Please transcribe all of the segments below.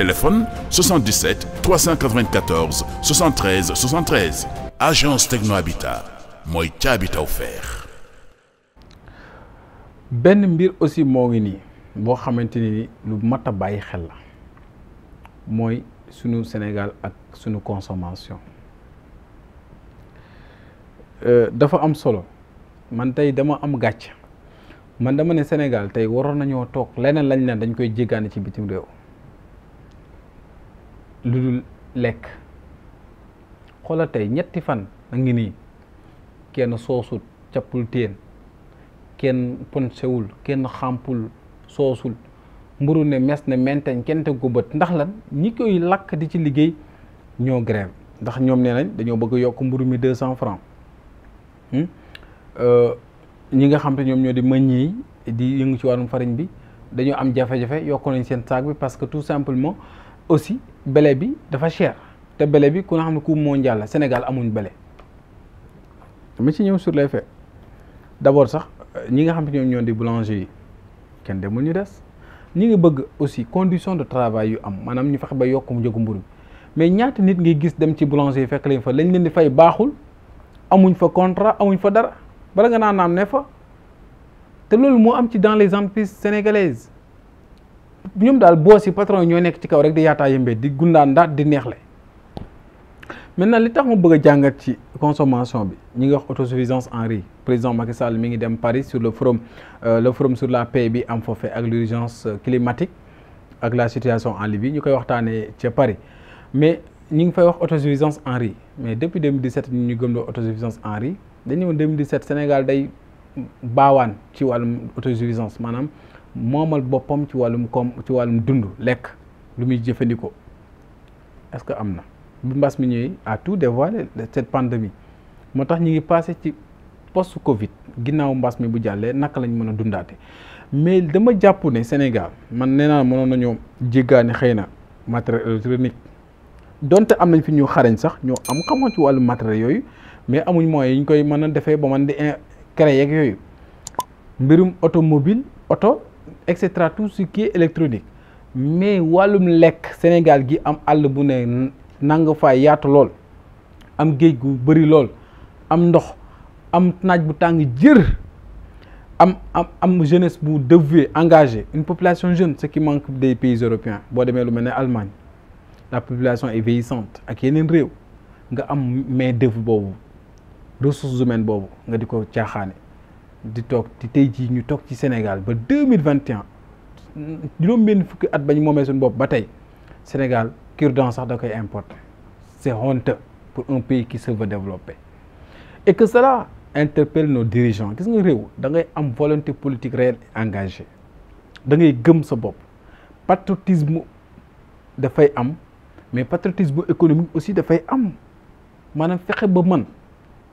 téléphone 77 394 73 73 agence Techno Habitat mooy ca Habitat offert. benn mbir aussi moo ngi nii boo xamante ni lu mat a bàyyi xel la mooy sunu Sénégal ak sunu consommation euh, dafa am solo man tey dama am gàcc man dama ne Sénégal tey waroon nañoo toog leneen lañ leen dañ koy jéggaane ci bitim réew. lu dul lekk xoolal ñetti fan a ngi nii kenn soosut cappul téen kenn ponsewul kenn xampul soosul mburu ne mes ne menteñ kenn te gubbët ndax lan ñi koy lakk di ci liggéey ñoo grève ndax ñoom nee nañ dañoo bëgg yokk mburu mi deux cent francs hmm? euh, ñi nga xam te ñoom ñoo di mëñ yi di yëngu ci wàllum fariñ bi dañoo am jafe-jafe yokk nañ seen saag bi parce que tout simplement aussi bele bi dafa cher te bele bi ku nga xam ne coupe mondial la Sénégal amuñ bele dama ci ñëw sur les faits d'abord sax euh, ñi nga xam ne ñoom ñoo di boulanger yi kenn demul ñu des ñi ngi bëgg aussi condition de travail yu am maanaam ñu fexe ba yokk mu njëgu mburu mais ñaata nit ngay gis dem ci boulanger yi fekk lañ fa lañ leen di fay baaxul amuñ fa contrat amuñ fa dara bala nga naan naam ne fa te loolu moo am ci dans les entreprises sénégalaises ñoom daal boos yi patron yi ñoo nekk ci kaw rek di yaataa yëmbee di gundaan ndaat di neexle maintenant li tax mu bëgg a jàngat ci consommation bi ñu ngi wax autosuffisance en riz président Macky Sall mi ngi dem Paris sur le forum euh, le forum sur la paix bi am foofee ak l'urgence euh, climatique ak la situation en Libye ñu koy waxtaanee ca Paris mais ñi ngi fay wax autosuffisance en riz mais depuis 2017 ñu gëm la autosuffisance en riz dañu ñëwoon 2017 Sénégal day baawaan ci wàllum autosuffisance maanaam moomal boppam ci wàllum koom ci wàllum dund lekk lu muy jëfandikoo est-ce que am na bu mbas mi ñëwee à tout dévoilé cette pandémie moo tax ñu ngi passé ci post Covid ginnaaw mbas mi bu jàllee naka lañ mën a dundaate mais dama jàpp ne Sénégal man nee naa mënoon nañoo jéggaani xëy na matériel électronique donte am nañ fi ñu xarañ sax ñoo am xamoon ci wàllu matériel yooyu mais amuñ moyens yi ñu koy mën a defee ba man di créer yeeg yooyu mbirum automobile oto et cetera tout ce qui est électronique mais wàllum lekk Sénégal gi am àll bu ne nangu fa yaatu lool am géej gu bëri lool am ndox am naaj bu tàng jër am am am jeunesse bu dévouée engagée une population jeune ce qui manque des pays européens boo demee lu mel ne Allemagne la population est vieillissante ak yeneen réew nga am main d'œuvre boobu ressources humaines boobu nga di ko caaxaane di toog di tey jii ñu toog ci Sénégal ba deux mille vingt et un fukki at ba ñu moomee suñu bopp ba tey Sénégal cure-dent sax da koy importer c'est pour un pays qui se veut développer et que cela interpelle nos dirigeants gis nga réew da ngay am volonté politique réelle engagé da ngay gëm sa bopp patriotisme dafay am mais patriotisme économique aussi dafay am maanaam fexe ba man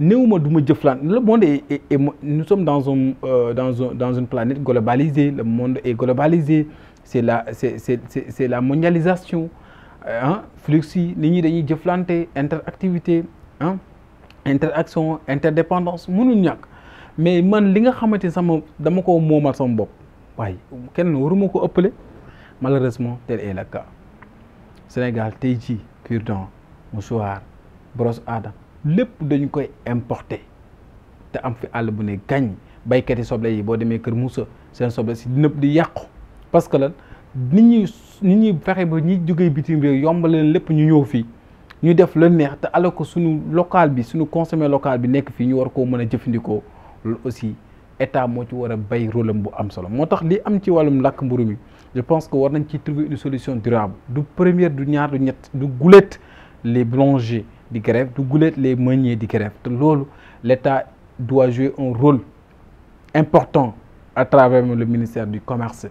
néewuma du ma jëflaan le monde est, est, est nous sommes dans un euh, dans un dans le monde est globalisé la c'est c'est c'est c'est la mondialisation ah flux yi nit ñi dañuy jëflante interactivité ah interaction interdépendance mënul ñàkk mais man li nga xamante sama dama ko moomal sama bopp waaye kenn waruma ko ëppale malheureusement tel est le cas Sénégal tey jii cure-dent mouchoir brosse à lépp dañu koy importer te am fi àll bu ne gàññ baykat yi soble yi boo demee Kër Moussa seen soble si nëpp di yàqu parce que lan nit ñuy nit ñuy fexe ba ñi jógee bitim réew yomb leen lépp ñu ñëw fii ñu def la neex te alors ko suñu local bi suñu consommé local bi nekk fii ñu war koo mën a jëfandikoo loolu aussi état moo ci war a bay rôle bu am solo moo tax li am ci wàllum làkk mburu mi je pense que war nañ ci trouver une solution durable du première du ñaar du ñett du gulet les boulangers di grève du guleet les meuniers di grève te loolu l'État doit jouer un rôle important à travers le ministère du commerce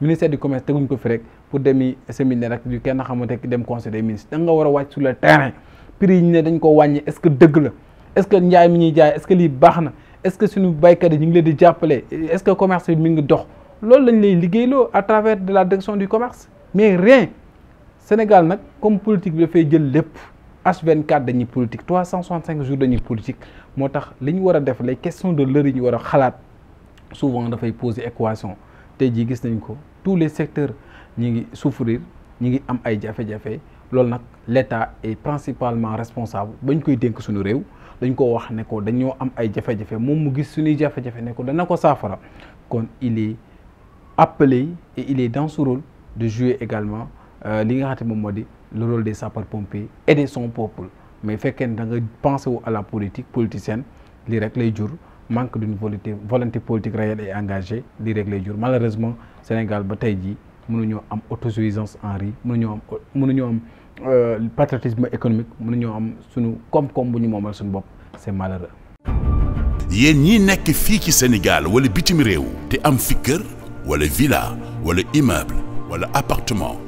le ministère du commerce teguñ ko fi rek pour demi séminaire ak yu kenn xamante dem conseil des ministres da nga war a wàcc sur le terrain prix ñu ne dañ ko wàññi est que dëgg la est-ce que njaay mi ñuy jaay est-ce lii baax na est-ce que suñu baykat yi ñu ngi leen di jàppale est-ce commerce mi ngi dox loolu lañ lay liggéeyloo à travers de la direction du commerce mais rien Sénégal nag comme politique bi dafay jël lépp H24 dañuy politique 365 jours dañuy politique moo tax li ñu war a def les questions de l'heure yi war a xalaat souvent dafay poser équation te jii gis nañ ko tous les secteurs ñi ngi souffrir ñi ngi am ay jafe-jafe loolu nag l'État est principalement responsable bañ koy dénk suñu réew dañ ko wax ne ko dañoo am ay jafe-jafe moom mu gis suñuy jafe-jafe ne dana ko saafara kon il est appelé et il dans son de jouer également Euh, li nga xam ne moom moo di le rôle des sapeurs-pompiers aider son peuple mais fekkee ne da nga pensé wu à la politique politicienne lii rek lay jur manque d'une volonté volonté politique réelle et engagée lii rek lay jur malheureusement Sénégal ba tey jii mënuñoo am autosuffisance en riz mënuñoo am mënuñoo am euh, patriotisme économique mënuñoo am suñu koom-koom bu ñu moomal suñu bopp c'est malheureux. yéen ñi nekk fii ci Sénégal wala bitim réew te am fi kër wala villa wala immeuble wala appartement.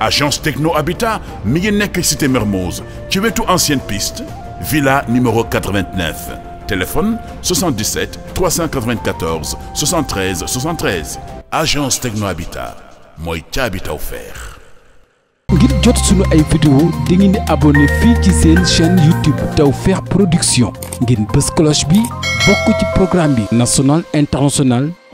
agence techno habitat mi ngi nekk cité Mermoz ci wetu ancienne piste villa numéro 89 téléphone 77 394 73 73 agence techno habitat mooy ca habitat offert. ngir jot sunu ay vidéo di ngeen di abonné fii ci seen chaîne YouTube Tawfekh Production ngeen bës cloche bi bokk ci programme bi national international.